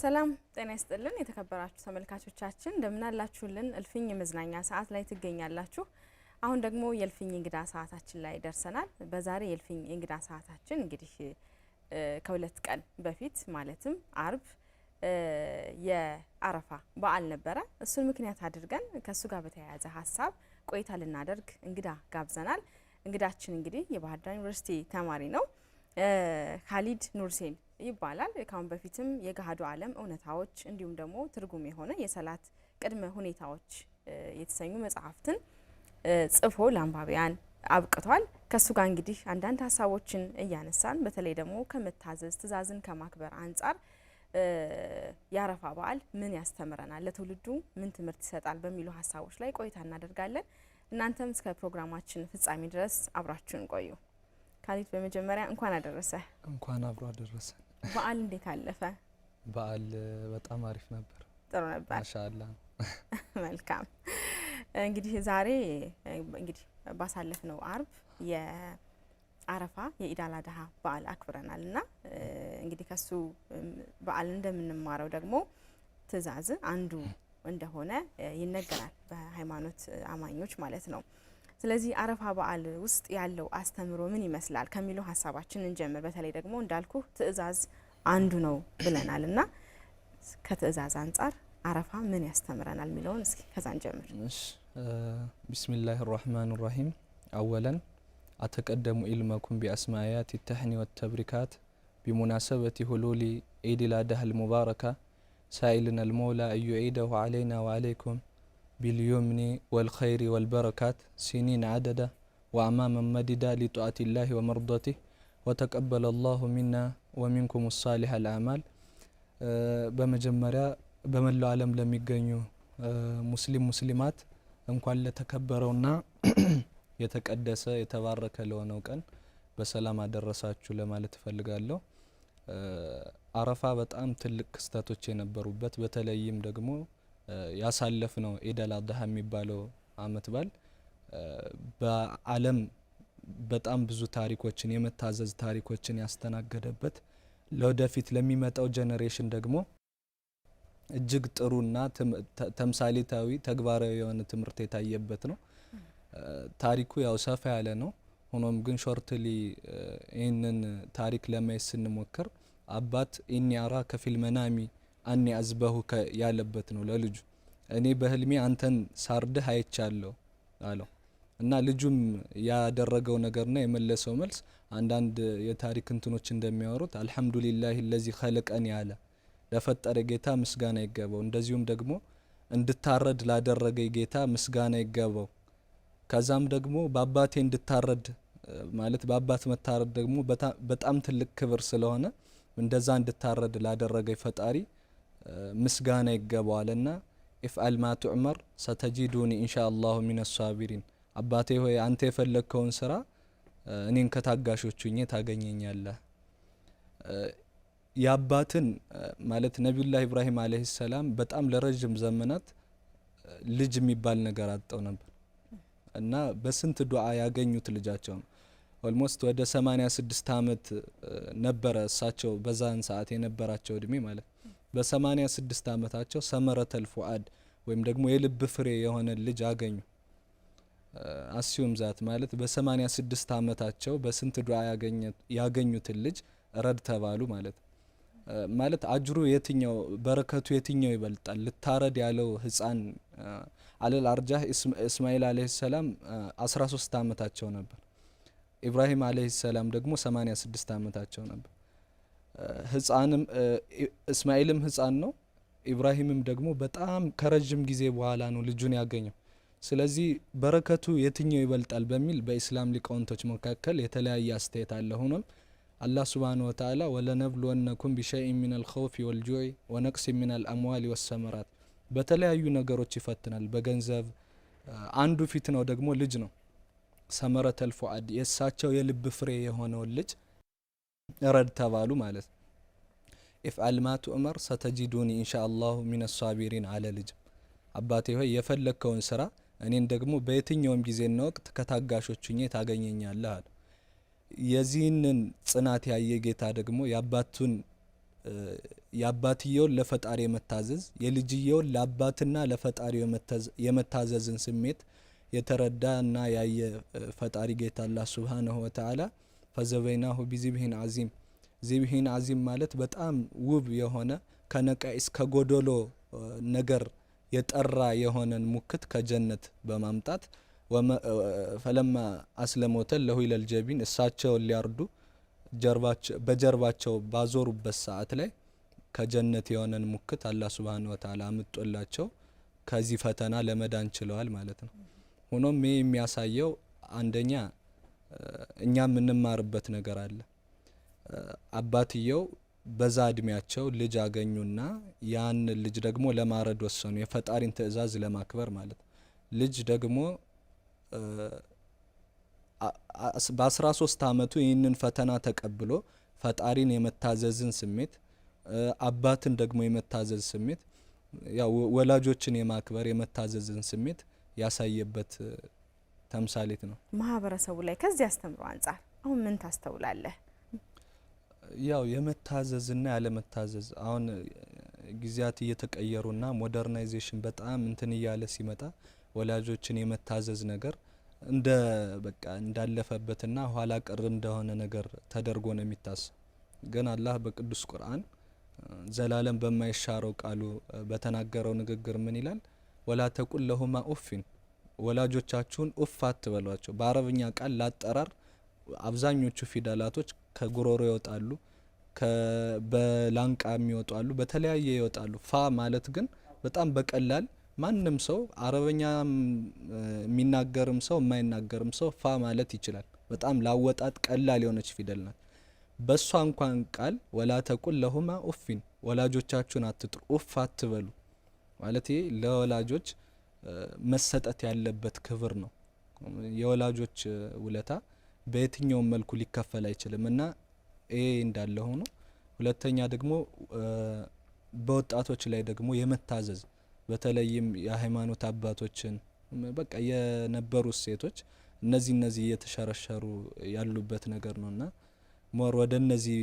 ሰላም ጤና ይስጥልን የተከበራችሁ ተመልካቾቻችን እንደምናላችሁልን እልፍኝ መዝናኛ ሰዓት ላይ ትገኛላችሁ። አሁን ደግሞ የእልፍኝ እንግዳ ሰዓታችን ላይ ደርሰናል። በዛሬ የእልፍኝ እንግዳ ሰዓታችን እንግዲህ ከሁለት ቀን በፊት ማለትም አርብ የአረፋ በዓል ነበረ። እሱን ምክንያት አድርገን ከእሱ ጋር በተያያዘ ሀሳብ ቆይታ ልናደርግ እንግዳ ጋብዘናል። እንግዳችን እንግዲህ የባህር ዳር ዩኒቨርሲቲ ተማሪ ነው። ካሊድ ኑርሴን ይባላል። ካሁን በፊትም የገሃዱ ዓለም እውነታዎች እንዲሁም ደግሞ ትርጉም የሆነ የሰላት ቅድመ ሁኔታዎች የተሰኙ መጽሐፍትን ጽፎ ለአንባቢያን አብቅቷል። ከእሱ ጋር እንግዲህ አንዳንድ ሀሳቦችን እያነሳን በተለይ ደግሞ ከመታዘዝ ትዕዛዝን ከማክበር አንጻር የአረፋ በዓል ምን ያስተምረናል፣ ለትውልዱ ምን ትምህርት ይሰጣል በሚሉ ሀሳቦች ላይ ቆይታ እናደርጋለን። እናንተም እስከ ፕሮግራማችን ፍጻሜ ድረስ አብራችሁን ቆዩ። ካሊድ በመጀመሪያ እንኳን አደረሰ። እንኳን አብሮ አደረሰ። በዓል እንዴት አለፈ? በዓል በጣም አሪፍ ነበር። ጥሩ ነበር። ማሻአላ። መልካም እንግዲህ ዛሬ እንግዲህ ባሳለፍነው አርብ የአረፋ የኢዳላ አድሃ በዓል አክብረናል እና እንግዲህ ከሱ በዓል እንደምንማረው ደግሞ ትዕዛዝ አንዱ እንደሆነ ይነገራል በሃይማኖት አማኞች ማለት ነው። ስለዚህ አረፋ በዓል ውስጥ ያለው አስተምሮ ምን ይመስላል ከሚለው ሀሳባችን እንጀምር። በተለይ ደግሞ እንዳልኩ ትዕዛዝ አንዱ ነው ብለናል እና ከትዕዛዝ አንጻር አረፋ ምን ያስተምረናል የሚለውን እስኪ ከዛ እንጀምር። ቢስሚላህ ራህማን ራሂም አወለን አተቀደሙ ኢልመኩም ቢአስማያት ተህኒ ወተብሪካት ቢሙናሰበት ሁሉሊ ኢድ ላዳህ አልሙባረካ ሳኢልን አልሞላ እዩ ዒደሁ ዓለይና ወዓለይኩም باليمن والخير والبركات سنين عددا وأماما مددا لطاعة الله ومرضته وتقبل الله منا ومنكم الصالح الأعمال በመጀመሪያ በመላው ዓለም ለሚገኙ ሙስሊም ሙስሊማት እንኳን ለተከበረውና የተቀደሰ የተባረከ ለሆነው ቀን በሰላም አደረሳችሁ ለማለት እፈልጋለሁ። አረፋ በጣም ትልቅ ክስተቶች የነበሩበት በተለይም ደግሞ ያሳለፍ ነው ኢደል አድሃ የሚባለው አመት በዓል በዓለም በጣም ብዙ ታሪኮችን የመታዘዝ ታሪኮችን ያስተናገደበት ለወደፊት ለሚመጣው ጀኔሬሽን ደግሞ እጅግ ጥሩና ተምሳሌታዊ ተግባራዊ የሆነ ትምህርት የታየበት ነው። ታሪኩ ያው ሰፋ ያለ ነው። ሆኖም ግን ሾርትሊ ይህንን ታሪክ ለማየት ስንሞክር አባት ኢኒያራ ከፊል መናሚ አኔ አዝበሁ ያለበት ነው ለልጁ እኔ በህልሜ አንተን ሳርድህ አይቻለሁ አለው እና ልጁም ያደረገው ነገርና የመለሰው መልስ አንዳንድ የታሪክ እንትኖች እንደሚያወሩት አልሐምዱሊላህ ለዚ ኸለቀን ያለ ለፈጠረ ጌታ ምስጋና ይገባው፣ እንደዚሁም ደግሞ እንድታረድ ላደረገ ጌታ ምስጋና ይገባው። ከዛም ደግሞ በአባቴ እንድታረድ ማለት በአባት መታረድ ደግሞ በጣም ትልቅ ክብር ስለሆነ እንደዛ እንድታረድ ላደረገ ፈጣሪ ምስጋና ይገባዋልና ኢፍአል ማ ሰተጂዱኒ ኢንሻ አላሁ ሚን አሳቢሪን አባቴ ሆይ አንተ የፈለግከውን ስራ እኔን ከታጋሾቹ ኘ ታገኘኛለህ። የአባትን ማለት ነቢዩላህ ኢብራሂም አለህ ሰላም በጣም ለረዥም ዘመናት ልጅ የሚባል ነገር አጠው ነበር እና በስንት ዱዓ ያገኙት ልጃቸው ነው። ኦልሞስት ወደ ስድስት ዓመት ነበረ እሳቸው በዛን ሰዓት የነበራቸው እድሜ ማለት ነው። በ86 ዓመታቸው ሰመረተል ፉአድ ወይም ደግሞ የልብ ፍሬ የሆነ ልጅ አገኙ። አስዩም ዛት ማለት በ86 ዓመታቸው በስንት ዱዓ ያገኙትን ልጅ ረድ ተባሉ ማለት ማለት አጅሩ የትኛው በረከቱ የትኛው ይበልጣል? ልታረድ ያለው ህፃን አለል አርጃህ እስማኤል አለህ ሰላም 13 ዓመታቸው ነበር። ኢብራሂም አለህ ሰላም ደግሞ 86 ዓመታቸው ነበር። ህፃንም እስማኤልም ህፃን ነው። ኢብራሂምም ደግሞ በጣም ከረጅም ጊዜ በኋላ ነው ልጁን ያገኘው። ስለዚህ በረከቱ የትኛው ይበልጣል በሚል በኢስላም ሊቃውንቶች መካከል የተለያየ አስተያየት አለ። ሆኖም አላህ ስብሓን ወተዓላ ወለነብሎወነኩም ቢሸይን ሚን አልኸውፊ ወልጁዕ ወነቅስ ሚን አልአምዋል ወሰመራት በተለያዩ ነገሮች ይፈትናል። በገንዘብ አንዱ ፊት ነው ደግሞ ልጅ ነው። ሰመረተል ፉአድ የእሳቸው የልብ ፍሬ የሆነውን ልጅ ረድ ተባሉ ማለት ነው። ኢፍአል ማ ቱእመር ሰተጂዱኒ ኢንሻ አላሁ ሚነ ሳቢሪን አለ ልጅም። አባቴ ሆይ የፈለግከውን ስራ እኔን ደግሞ በየትኛውም ጊዜና ወቅት ከታጋሾች ሁኜ ታገኘኛለህ አለ። የዚህንን ጽናት ያየ ጌታ ደግሞ የአባቱን የአባትየውን ለፈጣሪ የመታዘዝ የልጅየውን ለአባትና ለፈጣሪ የመታዘዝን ስሜት የተረዳ እና ያየ ፈጣሪ ጌታ አላህ ሱብሃነሁ ወተዓላ ፈዘበይናሁ ቢዚብሂን አዚም ዚብሂን አዚም ማለት በጣም ውብ የሆነ ከነቃኢስ ከጎደሎ ነገር የጠራ የሆነን ሙክት ከጀነት በማምጣት ፈለማ አስለሞተ ለሁ ይለልጀቢን እሳቸውን ሊያርዱ በጀርባቸው ባዞሩበት ሰዓት ላይ ከጀነት የሆነን ሙክት አላህ ስብሃነ ወተዓላ አምጦላቸው ከዚህ ፈተና ለመዳን ችለዋል ማለት ነው። ሆኖም ይህ የሚያሳየው አንደኛ እኛ የምንማርበት ነገር አለ። አባትየው በዛ እድሜያቸው ልጅ አገኙና ያን ልጅ ደግሞ ለማረድ ወሰኑ። የፈጣሪን ትዕዛዝ ለማክበር ማለት ልጅ ደግሞ በአስራ ሶስት አመቱ ይህንን ፈተና ተቀብሎ ፈጣሪን የመታዘዝን ስሜት አባትን ደግሞ የመታዘዝ ስሜት ያው ወላጆችን የማክበር የመታዘዝን ስሜት ያሳየበት ተምሳሌት ነው ማህበረሰቡ ላይ። ከዚህ አስተምሮ አንጻር አሁን ምን ታስተውላለህ? ያው የመታዘዝና ያለመታዘዝ አሁን ጊዜያት እየተቀየሩና ሞደርናይዜሽን በጣም እንትን እያለ ሲመጣ ወላጆችን የመታዘዝ ነገር እንደ በቃ እንዳለፈበትና ኋላ ቅር እንደሆነ ነገር ተደርጎ ነው የሚታሰብ። ግን አላህ በቅዱስ ቁርአን ዘላለም በማይሻረው ቃሉ በተናገረው ንግግር ምን ይላል? ወላ ተቁል ለሁማ ኡፊን ወላጆቻችሁን ኡፍ አትበሏቸው። በአረብኛ ቃል ላጠራር አብዛኞቹ ፊደላቶች ከጉሮሮ ይወጣሉ፣ በላንቃ የሚወጣሉ፣ አሉ፣ በተለያየ ይወጣሉ። ፋ ማለት ግን በጣም በቀላል ማንም ሰው አረበኛ የሚናገርም ሰው የማይናገርም ሰው ፋ ማለት ይችላል። በጣም ላወጣት ቀላል የሆነች ፊደል ናት። በእሷ እንኳን ቃል ወላ ተቁል ለሁማ ኡፊን፣ ወላጆቻችሁን አትጥሩ፣ ኡፍ አትበሉ ማለት ይሄ ለወላጆች መሰጠት ያለበት ክብር ነው። የወላጆች ውለታ በየትኛውም መልኩ ሊከፈል አይችልም እና ይሄ እንዳለ ሆኖ ሁለተኛ ደግሞ በወጣቶች ላይ ደግሞ የመታዘዝ በተለይም የሃይማኖት አባቶችን በቃ የነበሩ ሴቶች እነዚህ እነዚህ እየተሸረሸሩ ያሉበት ነገር ነው እና ሞር ወደ እነዚህ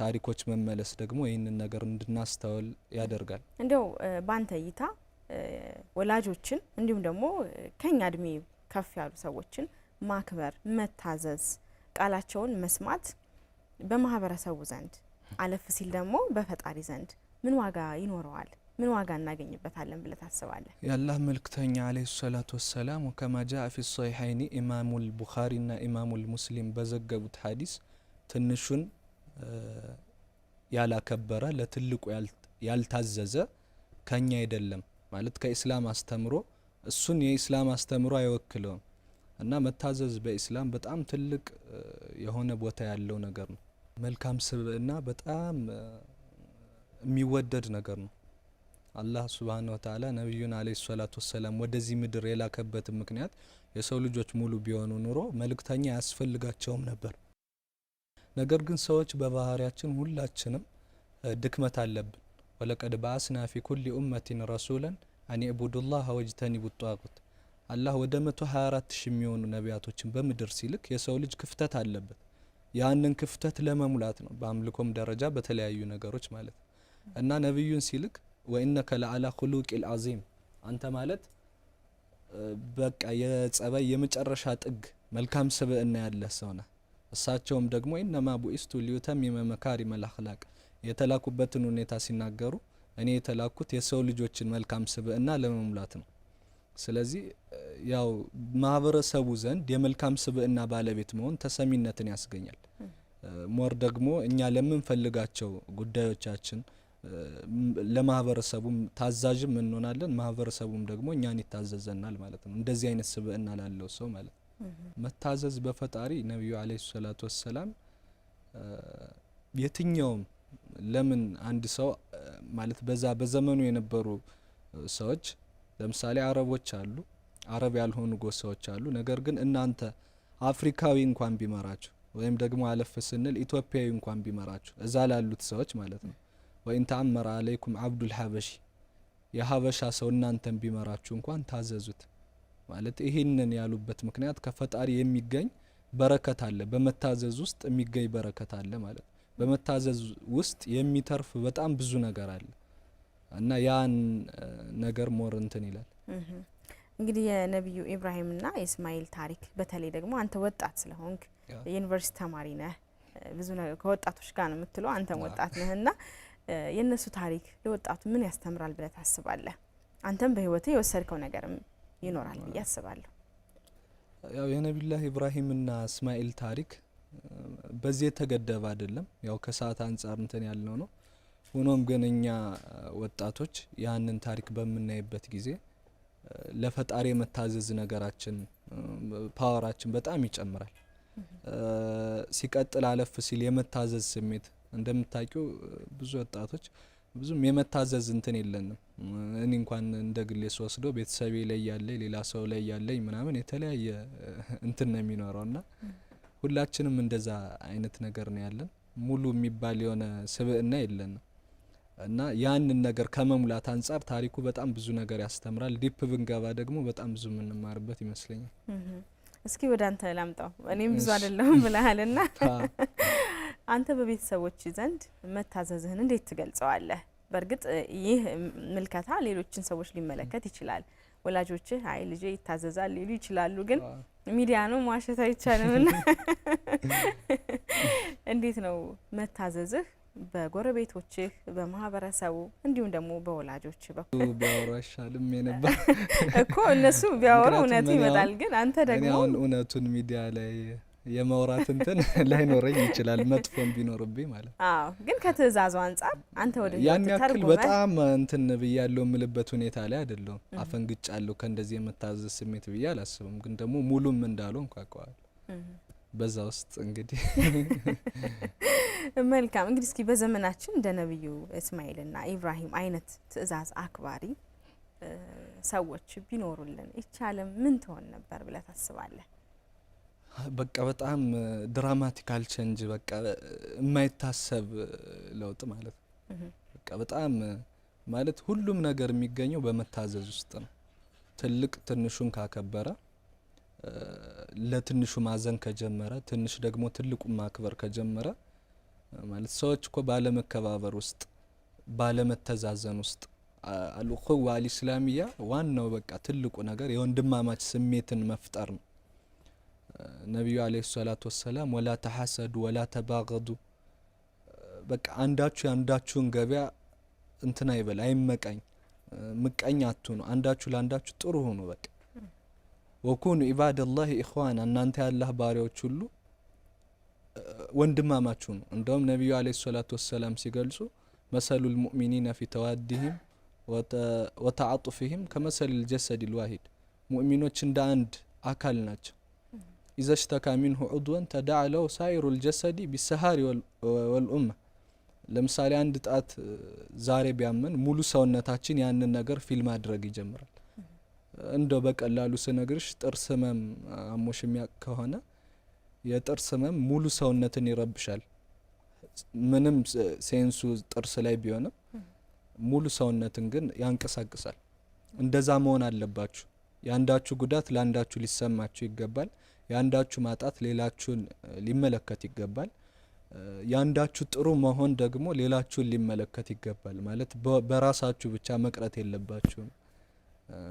ታሪኮች መመለስ ደግሞ ይህንን ነገር እንድናስተውል ያደርጋል። እንደው በአንተ እይታ ወላጆችን እንዲሁም ደግሞ ከኛ እድሜ ከፍ ያሉ ሰዎችን ማክበር፣ መታዘዝ፣ ቃላቸውን መስማት በማህበረሰቡ ዘንድ አለፍ ሲል ደግሞ በፈጣሪ ዘንድ ምን ዋጋ ይኖረዋል? ምን ዋጋ እናገኝበታለን ብለ ታስባለን? የአላህ መልክተኛ አለ ሰላቱ ወሰላም ወከማ ፊ ሶሒሐይኒ ኢማሙል ና ኢማሙል ሙስሊም በዘገቡት ሀዲስ ትንሹን ያላከበረ ለትልቁ ያልታዘዘ ከኛ አይደለም ማለት ከኢስላም አስተምሮ እሱን የኢስላም አስተምሮ አይወክለውም እና መታዘዝ በኢስላም በጣም ትልቅ የሆነ ቦታ ያለው ነገር ነው። መልካም ስብዕና በጣም የሚወደድ ነገር ነው። አላህ ሱብሃነሁ ወተዓላ ነቢዩን አለ ሰላቱ ወሰላም ወደዚህ ምድር የላከበትም ምክንያት የሰው ልጆች ሙሉ ቢሆኑ ኑሮ መልእክተኛ አያስፈልጋቸውም ነበር። ነገር ግን ሰዎች በባህሪያችን ሁላችንም ድክመት አለብን። ወለቀድ በአስና ፊ ኩሊ ኡመቲን ረሱለን አን ዕቡዱላህ ወጅተኒቡ ጧጉት። አላህ ወደ 124 ሺህ የሚሆኑ ነቢያቶችን በምድር ሲልክ የሰው ልጅ ክፍተት አለበት። ያንን ክፍተት ለመሙላት ነው፣ በአምልኮም ደረጃ በተለያዩ ነገሮች ማለት ነው። እና ነቢዩን ሲልክ ወኢነከ ለአላ ኩሉቂል አዚም አንተ ማለት በቃ የጸባይ የመጨረሻ ጥግ መልካም ስብዕና ያለህ ሰው ነህ። እሳቸውም ደግሞ ኢነማ ቡኢስቱ ሊዩተሚመ መካሪመል አኽላቅ የተላኩበትን ሁኔታ ሲናገሩ እኔ የተላኩት የሰው ልጆችን መልካም ስብዕና ለመሙላት ነው። ስለዚህ ያው ማህበረሰቡ ዘንድ የመልካም ስብዕና ባለቤት መሆን ተሰሚነትን ያስገኛል። ሞር ደግሞ እኛ ለምንፈልጋቸው ጉዳዮቻችን ለማህበረሰቡም ታዛዥም እንሆናለን። ማህበረሰቡም ደግሞ እኛን ይታዘዘናል ማለት ነው። እንደዚህ አይነት ስብዕና ላለው ሰው ማለት ነው። መታዘዝ በፈጣሪ ነቢዩ አለይሂ ሰላቱ ወሰላም የትኛውም ለምን አንድ ሰው ማለት በዛ በዘመኑ የነበሩ ሰዎች ለምሳሌ አረቦች አሉ፣ አረብ ያልሆኑ ጎሳዎች አሉ። ነገር ግን እናንተ አፍሪካዊ እንኳን ቢመራችሁ ወይም ደግሞ አለፍ ስንል ኢትዮጵያዊ እንኳን ቢመራችሁ እዛ ላሉት ሰዎች ማለት ነው ወይን ተአመረ አለይኩም አብዱል ሀበሺ የሀበሻ ሰው እናንተን ቢመራችሁ እንኳን ታዘዙት። ማለት ይህንን ያሉበት ምክንያት ከፈጣሪ የሚገኝ በረከት አለ፣ በመታዘዝ ውስጥ የሚገኝ በረከት አለ ማለት ነው። በመታዘዝ ውስጥ የሚተርፍ በጣም ብዙ ነገር አለ እና ያን ነገር ሞር እንትን ይላል። እንግዲህ የነቢዩ ኢብራሂምና የእስማኤል ታሪክ በተለይ ደግሞ አንተ ወጣት ስለሆንክ የዩኒቨርሲቲ ተማሪ ነህ፣ ብዙ ነገር ከወጣቶች ጋር ነው የምትለው፣ አንተም ወጣት ነህ እና የእነሱ ታሪክ ለወጣቱ ምን ያስተምራል ብለህ ታስባለህ? አንተም በህይወት የወሰድከው ነገርም ይኖራል ብዬ አስባለሁ። ያው የነቢዩላህ ኢብራሂምና እስማኤል ታሪክ በዚህ የተገደበ አይደለም። ያው ከሰዓት አንጻር እንትን ያለው ነው። ሆኖም ግን እኛ ወጣቶች ያንን ታሪክ በምናይበት ጊዜ ለፈጣሪ የመታዘዝ ነገራችን ፓወራችን በጣም ይጨምራል። ሲቀጥል አለፍ ሲል የመታዘዝ ስሜት እንደምታውቂው ብዙ ወጣቶች ብዙም የመታዘዝ እንትን የለንም። እኔ እንኳን እንደ ግሌ ስወስዶ ቤተሰቤ ላይ ያለኝ ሌላ ሰው ላይ ያለኝ ምናምን የተለያየ እንትን ነው የሚኖረው ና ሁላችንም እንደዛ አይነት ነገር ነው ያለን። ሙሉ የሚባል የሆነ ስብዕና የለን። እና ያንን ነገር ከመሙላት አንጻር ታሪኩ በጣም ብዙ ነገር ያስተምራል። ዲፕ ብንገባ ደግሞ በጣም ብዙ የምንማርበት ይመስለኛል። እስኪ ወደ አንተ ላምጣው። እኔም ብዙ አይደለሁም ብለሃል ና አንተ በቤተሰቦች ዘንድ መታዘዝህን እንዴት ትገልጸዋለህ? በእርግጥ ይህ ምልከታ ሌሎችን ሰዎች ሊመለከት ይችላል። ወላጆች አይ ልጅ ይታዘዛል ሊሉ ይችላሉ። ግን ሚዲያ ነው ማሸት አይቻልም። ና እንዴት ነው መታዘዝህ በጎረቤቶችህ በማህበረሰቡ እንዲሁም ደግሞ በወላጆች በኩል ቢያወሩ አይሻልም የነበር እኮ እነሱ ቢያወሩ እውነቱ ይመጣል። ግን አንተ ደግሞ እውነቱን ሚዲያ ላይ የመውራት እንትን ላይኖረኝ ይችላል፣ መጥፎም ቢኖርብኝ ማለት አዎ። ግን ከትእዛዙ አንጻር አንተ ወደ ያን ያክል በጣም እንትን ብያለሁ የምልበት ሁኔታ ላይ አይደለሁም። አፈንግጫለሁ ከእንደዚህ የምታዘዝ ስሜት ብዬ አላስብም። ግን ደግሞ ሙሉም እንዳሉ እንኳቀዋል በዛ ውስጥ እንግዲህ መልካም እንግዲህ እስኪ በዘመናችን እንደ ነቢዩ እስማኤልና ኢብራሂም አይነት ትዕዛዝ አክባሪ ሰዎች ቢኖሩልን ይቻለም ምን ትሆን ነበር ብለህ ታስባለህ? በቃ በጣም ድራማቲካል ቼንጅ በቃ የማይታሰብ ለውጥ ማለት ነው። በቃ በጣም ማለት ሁሉም ነገር የሚገኘው በመታዘዝ ውስጥ ነው። ትልቅ ትንሹን ካከበረ፣ ለትንሹ ማዘን ከጀመረ፣ ትንሽ ደግሞ ትልቁን ማክበር ከጀመረ ማለት ሰዎች እኮ ባለመከባበር ውስጥ ባለመተዛዘን ውስጥ አልኡኹዋ አልኢስላሚያ ዋናው በቃ ትልቁ ነገር የወንድማማች ስሜትን መፍጠር ነው። ነቢዩ አለይሂ ሰላቱ ወሰላም ወላ ተሐሰዱ ወላ ተባገዱ፣ በቃ አንዳችሁ የአንዳችሁን ገበያ እንትና ይበል አይመቃኝ፣ ምቀኝ አትሁኑ፣ አንዳችሁ ለአንዳችሁ ጥሩ ሁኑ። በቃ ወኩኑ ኢባደላሂ ኢኽዋና፣ እናንተ ያላህ ባሪያዎች ሁሉ ወንድማማችሁ ነው። እንደውም ነቢዩ አለይሂ ሰላቱ ወሰላም ሲገልጹ መሰሉ ልሙእሚኒና ፊ ተዋዲህም ወተዓጡፊህም ከመሰል ልጀሰድ ልዋሂድ፣ ሙእሚኖች እንደ አንድ አካል ናቸው إذا اشتكى منه عضوا تداعى له ሳይሩ الجسد بالسهر والأمة ለምሳሌ አንድ ጣት ዛሬ ቢያመን ሙሉ ሰውነታችን ያንን ነገር ፊል ማድረግ ይጀምራል። እንደው በቀላሉ ስነግርሽ ጥርስ ህመም አሞሽ የሚያውቅ ከሆነ የጥርስ ህመም ሙሉ ሰውነትን ይረብሻል። ምንም ሴንሱ ጥርስ ላይ ቢሆንም ሙሉ ሰውነትን ግን ያንቀሳቅሳል። እንደዛ መሆን አለባችሁ። የአንዳችሁ ጉዳት ለአንዳችሁ ሊሰማችሁ ይገባል። የአንዳችሁ ማጣት ሌላችሁን ሊመለከት ይገባል። የአንዳችሁ ጥሩ መሆን ደግሞ ሌላችሁን ሊመለከት ይገባል። ማለት በራሳችሁ ብቻ መቅረት የለባችሁም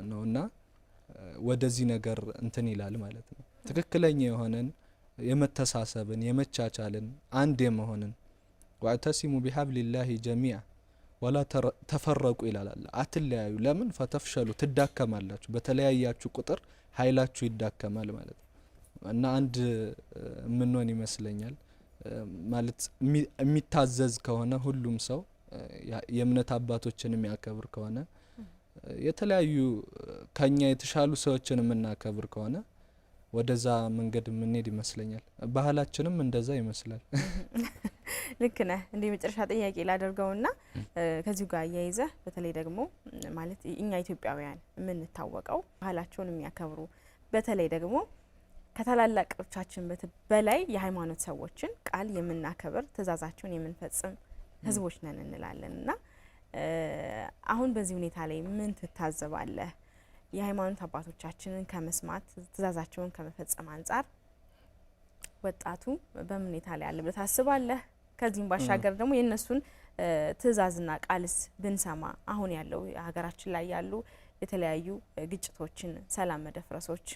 ነውና ወደዚህ ነገር እንትን ይላል ማለት ነው። ትክክለኛ የሆነን የመተሳሰብን፣ የመቻቻልን፣ አንድ የመሆንን ዋዕተሲሙ ቢሀብሊላሂ ጀሚያ ወላ ተፈረቁ ይላል። አትለያዩ። ለምን? ፈተፍሸሉ ትዳከማላችሁ። በተለያያችሁ ቁጥር ኃይላችሁ ይዳከማል ማለት ነው። እና አንድ የምንሆን ይመስለኛል። ማለት የሚታዘዝ ከሆነ ሁሉም ሰው የእምነት አባቶችን የሚያከብር ከሆነ የተለያዩ ከኛ የተሻሉ ሰዎችን የምናከብር ከሆነ ወደዛ መንገድ የምንሄድ ይመስለኛል። ባህላችንም እንደዛ ይመስላል። ልክ ነህ። እንደ መጨረሻ ጥያቄ ና ከዚሁ ጋር እያይዘህ በተለይ ደግሞ ማለት እኛ ኢትዮጵያውያን የምንታወቀው ባህላቸውን የሚያከብሩ በተለይ ደግሞ ከታላላቆቻችን በላይ የሃይማኖት ሰዎችን ቃል የምናከብር ትእዛዛቸውን የምንፈጽም ህዝቦች ነን እንላለን እና አሁን በዚህ ሁኔታ ላይ ምን ትታዘባለህ? የሃይማኖት አባቶቻችንን ከመስማት ትእዛዛቸውን ከመፈጸም አንጻር ወጣቱ በምን ሁኔታ ላይ አለ ብለህ ታስባለህ? ከዚህም ባሻገር ደግሞ የእነሱን ትእዛዝና ቃልስ ብንሰማ አሁን ያለው ሀገራችን ላይ ያሉ የተለያዩ ግጭቶችን፣ ሰላም መደፍረሶች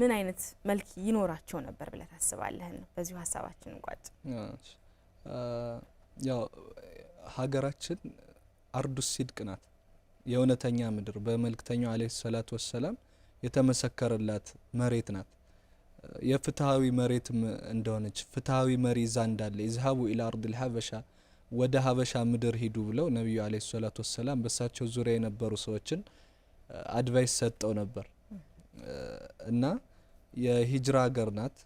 ምን አይነት መልክ ይኖራቸው ነበር ብለህ ታስባለህን? በዚሁ ሀሳባችን ቋጭ። ያው ሀገራችን አርዱ ሲድቅ ናት፣ የእውነተኛ ምድር በመልክተኛው አለ ሰላት ወሰላም የተመሰከረላት መሬት ናት። የፍትሃዊ መሬትም እንደሆነች ፍትሃዊ መሪ ይዛ እንዳለ ይዝሀቡ ኢላ አርድ ልሀበሻ ወደ ሀበሻ ምድር ሂዱ ብለው ነቢዩ አለ ሰላት ወሰላም በእሳቸው ዙሪያ የነበሩ ሰዎችን አድቫይስ ሰጠው ነበር። እና የሂጅራ ሀገር ናት።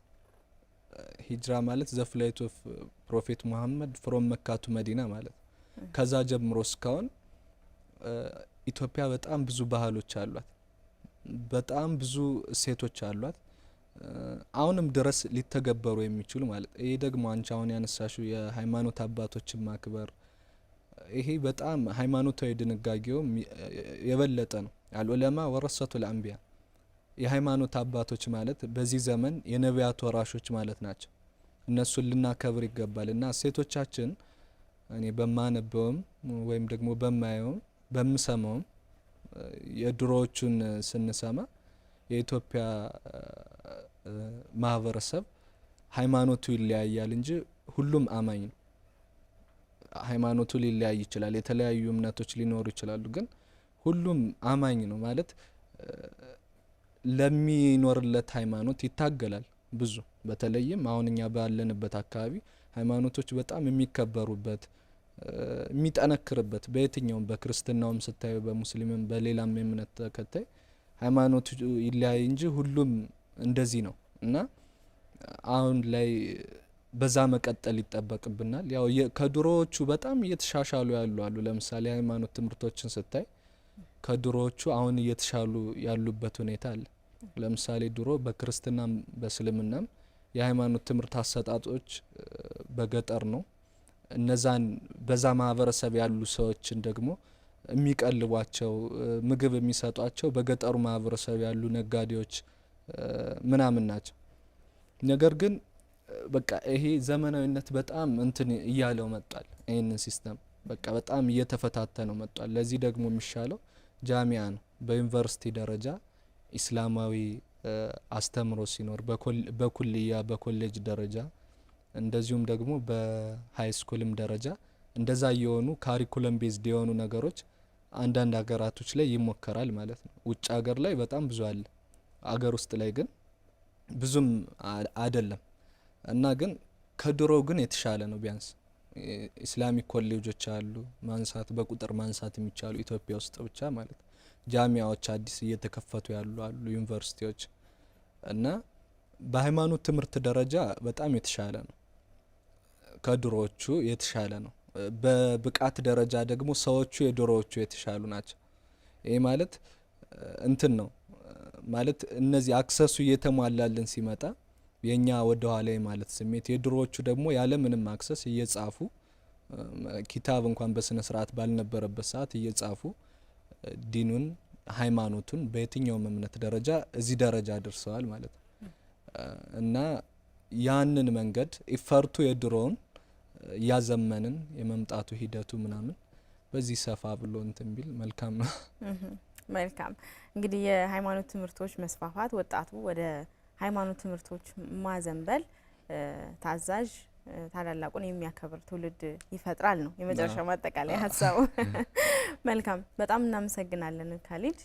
ሂጅራ ማለት ዘፍላይት ኦፍ ፕሮፌት ሙሐመድ ፍሮም መካቱ መዲና ማለት ከዛ ጀምሮ እስካሁን ኢትዮጵያ በጣም ብዙ ባህሎች አሏት። በጣም ብዙ እሴቶች አሏት አሁንም ድረስ ሊተገበሩ የሚችሉ ማለት ይሄ ደግሞ አንቺ አሁን ያነሳሹ የሃይማኖት አባቶችን ማክበር ይሄ በጣም ሃይማኖታዊ ድንጋጌውም የበለጠ ነው። አልዑለማ ወረሰቱ ልአንቢያ የሃይማኖት አባቶች ማለት በዚህ ዘመን የነቢያት ወራሾች ማለት ናቸው። እነሱን ልናከብር ይገባል እና ሴቶቻችን እኔ በማነበውም ወይም ደግሞ በማየውም በምሰማውም የድሮዎቹን ስንሰማ የኢትዮጵያ ማህበረሰብ ሃይማኖቱ ይለያያል እንጂ ሁሉም አማኝ ነው። ሃይማኖቱ ሊለያይ ይችላል፣ የተለያዩ እምነቶች ሊኖሩ ይችላሉ፣ ግን ሁሉም አማኝ ነው ማለት ለሚኖርለት ሃይማኖት ይታገላል። ብዙ በተለይም አሁን እኛ ባለንበት አካባቢ ሃይማኖቶች በጣም የሚከበሩበት የሚጠነክርበት በየትኛውም በክርስትናውም ስታዩ በሙስሊምም በሌላም የእምነት ተከታይ ሃይማኖቱ ይለያይ እንጂ ሁሉም እንደዚህ ነው እና አሁን ላይ በዛ መቀጠል ይጠበቅብናል። ያው ከድሮዎቹ በጣም እየተሻሻሉ ያሉ አሉ። ለምሳሌ ሃይማኖት ትምህርቶችን ስታይ ከድሮዎቹ አሁን እየተሻሉ ያሉበት ሁኔታ አለ። ለምሳሌ ድሮ በክርስትናም በእስልምናም የሃይማኖት ትምህርት አሰጣጦች በገጠር ነው። እነዛን በዛ ማህበረሰብ ያሉ ሰዎችን ደግሞ የሚቀልቧቸው ምግብ የሚሰጧቸው በገጠሩ ማህበረሰብ ያሉ ነጋዴዎች ምናምን ናቸው። ነገር ግን በቃ ይሄ ዘመናዊነት በጣም እንትን እያለው መጧል። ይህንን ሲስተም በቃ በጣም እየተፈታተነው መጧል። ለዚህ ደግሞ የሚሻለው ጃሚያ ነው። በዩኒቨርሲቲ ደረጃ ኢስላማዊ አስተምሮ ሲኖር በኩልያ በኮሌጅ ደረጃ እንደዚሁም ደግሞ በሀይ ስኩልም ደረጃ እንደዛ የሆኑ ካሪኩለም ቤዝድ የሆኑ ነገሮች አንዳንድ ሀገራቶች ላይ ይሞከራል ማለት ነው። ውጭ ሀገር ላይ በጣም ብዙ አለ፣ አገር ውስጥ ላይ ግን ብዙም አይደለም እና ግን ከድሮው ግን የተሻለ ነው ቢያንስ ኢስላሚክ ኮሌጆች አሉ ማንሳት በቁጥር ማንሳት የሚቻሉ ኢትዮጵያ ውስጥ ብቻ ማለት ጃሚያዎች አዲስ እየተከፈቱ ያሉ አሉ ዩኒቨርሲቲዎች እና በሃይማኖት ትምህርት ደረጃ በጣም የተሻለ ነው፣ ከድሮዎቹ የተሻለ ነው። በብቃት ደረጃ ደግሞ ሰዎቹ የድሮዎቹ የተሻሉ ናቸው። ይህ ማለት እንትን ነው ማለት እነዚህ አክሰሱ እየተሟላልን ሲመጣ የእኛ ወደ ኋላ ማለት ስሜት፣ የድሮዎቹ ደግሞ ያለ ምንም አክሰስ እየጻፉ ኪታብ እንኳን በስነ ስርዓት ባልነበረበት ሰዓት እየጻፉ ዲኑን ሃይማኖቱን በየትኛውም እምነት ደረጃ እዚህ ደረጃ ደርሰዋል ማለት ነው እና ያንን መንገድ ኢፈርቱ የድሮውን እያዘመንን የመምጣቱ ሂደቱ ምናምን በዚህ ሰፋ ብሎ እንትን ቢል መልካም ነው። መልካም እንግዲህ የሃይማኖት ትምህርቶች መስፋፋት ወጣቱ ወደ ሃይማኖት ትምህርቶች ማዘንበል ታዛዥ ታላላቁን የሚያከብር ትውልድ ይፈጥራል ነው የመጨረሻ ማጠቃለያ ሀሳቡ። መልካም በጣም እናመሰግናለን ካሊድ።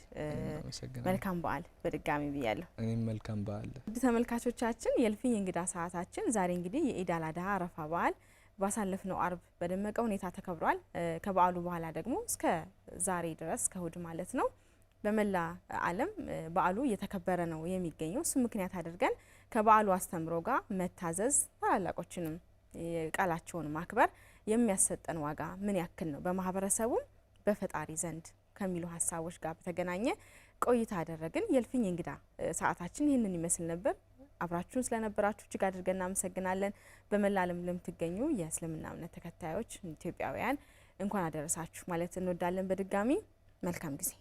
መልካም በዓል በድጋሚ ብያለሁ። እኔም መልካም በዓል ተመልካቾቻችን። የእልፍኝ እንግዳ ሰዓታችን ዛሬ እንግዲህ የኢድ አል አድሃ አረፋ በዓል ባሳለፍነው አርብ በደመቀ ሁኔታ ተከብሯል። ከበዓሉ በኋላ ደግሞ እስከ ዛሬ ድረስ ከእሁድ ማለት ነው በመላ ዓለም በዓሉ እየተከበረ ነው የሚገኘው። እሱ ምክንያት አድርገን ከበዓሉ አስተምሮ ጋር መታዘዝ፣ ታላላቆችንም ቃላቸውን ማክበር የሚያሰጠን ዋጋ ምን ያክል ነው በማህበረሰቡም በፈጣሪ ዘንድ ከሚሉ ሀሳቦች ጋር በተገናኘ ቆይታ አደረግን። የእልፍኝ እንግዳ ሰዓታችን ይህንን ይመስል ነበር። አብራችሁን ስለነበራችሁ እጅግ አድርገን እናመሰግናለን። በመላ ዓለም ለምትገኙ የእስልምና እምነት ተከታዮች ኢትዮጵያውያን እንኳን አደረሳችሁ ማለት እንወዳለን። በድጋሚ መልካም ጊዜ